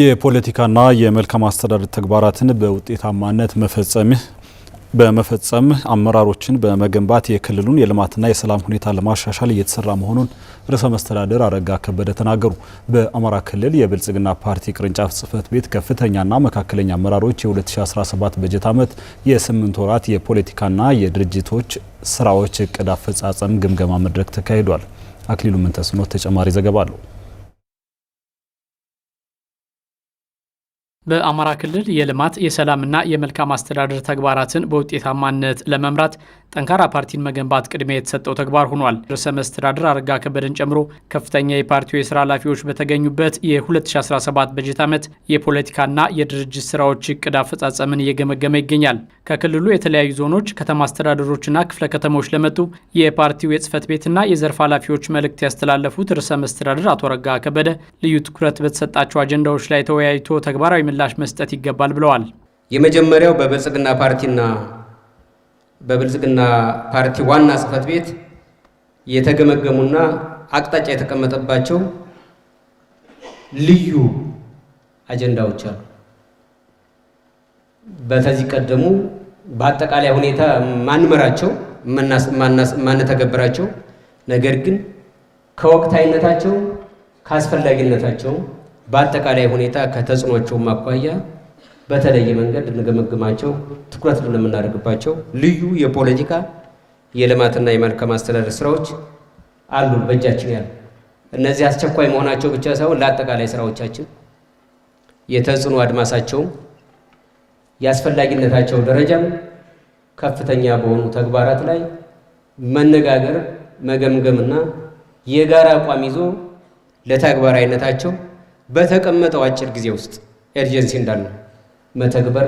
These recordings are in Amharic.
የፖለቲካና የመልካም አስተዳደር ተግባራትን በውጤታማነት መፈጸም በመፈጸም አመራሮችን በመገንባት የክልሉን የልማትና የሰላም ሁኔታ ለማሻሻል እየተሰራ መሆኑን ርዕሰ መስተዳደር አረጋ ከበደ ተናገሩ። በአማራ ክልል የብልጽግና ፓርቲ ቅርንጫፍ ጽህፈት ቤት ከፍተኛና መካከለኛ አመራሮች የ2017 በጀት ዓመት የስምንት ወራት የፖለቲካና የድርጅቶች ስራዎች እቅድ አፈጻጸም ግምገማ መድረክ ተካሂዷል። አክሊሉ ምንተስኖት ተጨማሪ ዘገባ አለው። በአማራ ክልል የልማት የሰላምና የመልካም አስተዳደር ተግባራትን በውጤታማነት ለመምራት ጠንካራ ፓርቲን መገንባት ቅድሚያ የተሰጠው ተግባር ሆኗል። ርዕሰ መስተዳድር አረጋ ከበደን ጨምሮ ከፍተኛ የፓርቲው የስራ ኃላፊዎች በተገኙበት የ2017 በጀት ዓመት የፖለቲካና የድርጅት ስራዎች እቅድ አፈጻጸምን እየገመገመ ይገኛል። ከክልሉ የተለያዩ ዞኖች፣ ከተማ አስተዳደሮችና ክፍለ ከተሞች ለመጡ የፓርቲው የጽህፈት ቤትና የዘርፍ ኃላፊዎች መልእክት ያስተላለፉት ርዕሰ መስተዳድር አቶ አረጋ ከበደ ልዩ ትኩረት በተሰጣቸው አጀንዳዎች ላይ ተወያይቶ ተግባራዊ ምላሽ መስጠት ይገባል ብለዋል። የመጀመሪያው በብልጽግና ፓርቲና በብልጽግና ፓርቲ ዋና ጽህፈት ቤት የተገመገሙና አቅጣጫ የተቀመጠባቸው ልዩ አጀንዳዎች አሉ። በተዚህ ቀደሙ በአጠቃላይ ሁኔታ ማንመራቸው ማንተገብራቸው ነገር ግን ከወቅታዊነታቸው ከአስፈላጊነታቸው በአጠቃላይ ሁኔታ ከተጽዕኖቹም አኳያ በተለየ መንገድ ልንገመግማቸው ትኩረት ልንምናደርግባቸው ልዩ የፖለቲካ የልማትና የመልካም አስተዳደር ስራዎች አሉ በእጃችን ያሉ። እነዚህ አስቸኳይ መሆናቸው ብቻ ሳይሆን ለአጠቃላይ ስራዎቻችን የተጽዕኖ አድማሳቸውም የአስፈላጊነታቸው ደረጃም ከፍተኛ በሆኑ ተግባራት ላይ መነጋገር መገምገምና የጋራ አቋም ይዞ ለተግባራዊነታቸው በተቀመጠው አጭር ጊዜ ውስጥ ኤርጀንሲ እንዳለው መተግበር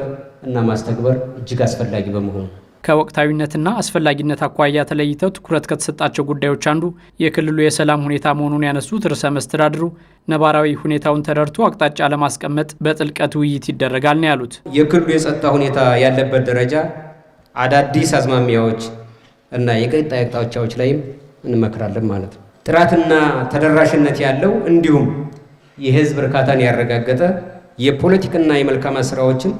እና ማስተግበር እጅግ አስፈላጊ በመሆኑ ከወቅታዊነትና አስፈላጊነት አኳያ ተለይተው ትኩረት ከተሰጣቸው ጉዳዮች አንዱ የክልሉ የሰላም ሁኔታ መሆኑን ያነሱት ርዕሰ መስተዳድሩ ነባራዊ ሁኔታውን ተረድቶ አቅጣጫ ለማስቀመጥ በጥልቀት ውይይት ይደረጋል ነው ያሉት። የክልሉ የጸጥታ ሁኔታ ያለበት ደረጃ አዳዲስ አዝማሚያዎች እና የቀጣይ አቅጣጫዎች ላይም እንመክራለን ማለት ነው። ጥራትና ተደራሽነት ያለው እንዲሁም የህዝብ እርካታን ያረጋገጠ የፖለቲካና የመልካም ስራዎችን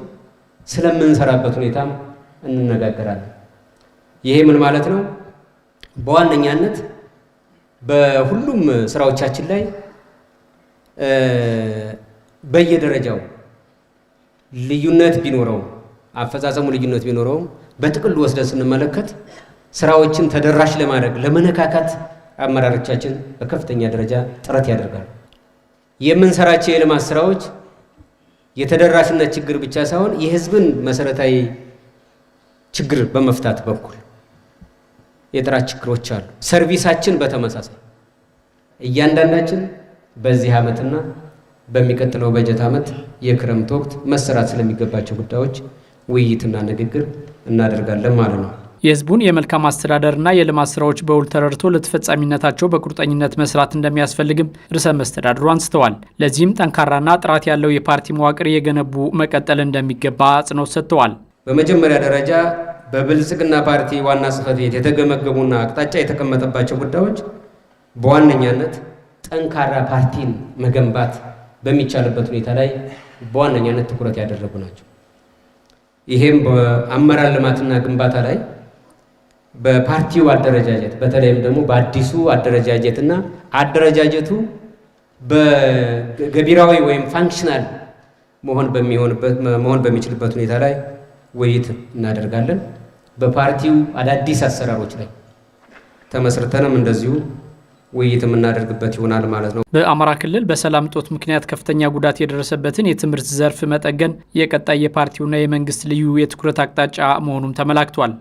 ስለምንሰራበት ሁኔታም እንነጋገራለን። ይሄ ምን ማለት ነው? በዋነኛነት በሁሉም ስራዎቻችን ላይ በየደረጃው ልዩነት ቢኖረውም አፈጻጸሙ ልዩነት ቢኖረውም በጥቅሉ ወስደን ስንመለከት ስራዎችን ተደራሽ ለማድረግ ለመነካካት አመራሮቻችን በከፍተኛ ደረጃ ጥረት ያደርጋል። የምንሰራቸው የልማት ስራዎች የተደራሽነት ችግር ብቻ ሳይሆን የህዝብን መሰረታዊ ችግር በመፍታት በኩል የጥራት ችግሮች አሉ። ሰርቪሳችን በተመሳሳይ እያንዳንዳችን በዚህ ዓመትና በሚቀጥለው በጀት ዓመት የክረምት ወቅት መሰራት ስለሚገባቸው ጉዳዮች ውይይትና ንግግር እናደርጋለን ማለት ነው። የህዝቡን የመልካም አስተዳደርና የልማት ስራዎች በውል ተረድቶ ለተፈጻሚነታቸው በቁርጠኝነት መስራት እንደሚያስፈልግም ርዕሰ መስተዳድሩ አንስተዋል። ለዚህም ጠንካራና ጥራት ያለው የፓርቲ መዋቅር የገነቡ መቀጠል እንደሚገባ አጽንኦት ሰጥተዋል። በመጀመሪያ ደረጃ በብልጽግና ፓርቲ ዋና ጽህፈት ቤት የተገመገሙና አቅጣጫ የተቀመጠባቸው ጉዳዮች በዋነኛነት ጠንካራ ፓርቲን መገንባት በሚቻልበት ሁኔታ ላይ በዋነኛነት ትኩረት ያደረጉ ናቸው። ይሄም በአመራር ልማትና ግንባታ ላይ በፓርቲው አደረጃጀት በተለይም ደግሞ በአዲሱ አደረጃጀትና አደረጃጀቱ በገቢራዊ ወይም ፋንክሽናል መሆን በሚሆንበት መሆን በሚችልበት ሁኔታ ላይ ውይይት እናደርጋለን። በፓርቲው አዳዲስ አሰራሮች ላይ ተመስርተንም እንደዚሁ ውይይት የምናደርግበት ይሆናል ማለት ነው። በአማራ ክልል በሰላም ጦት ምክንያት ከፍተኛ ጉዳት የደረሰበትን የትምህርት ዘርፍ መጠገን የቀጣይ የፓርቲውና የመንግስት ልዩ የትኩረት አቅጣጫ መሆኑም ተመላክቷል።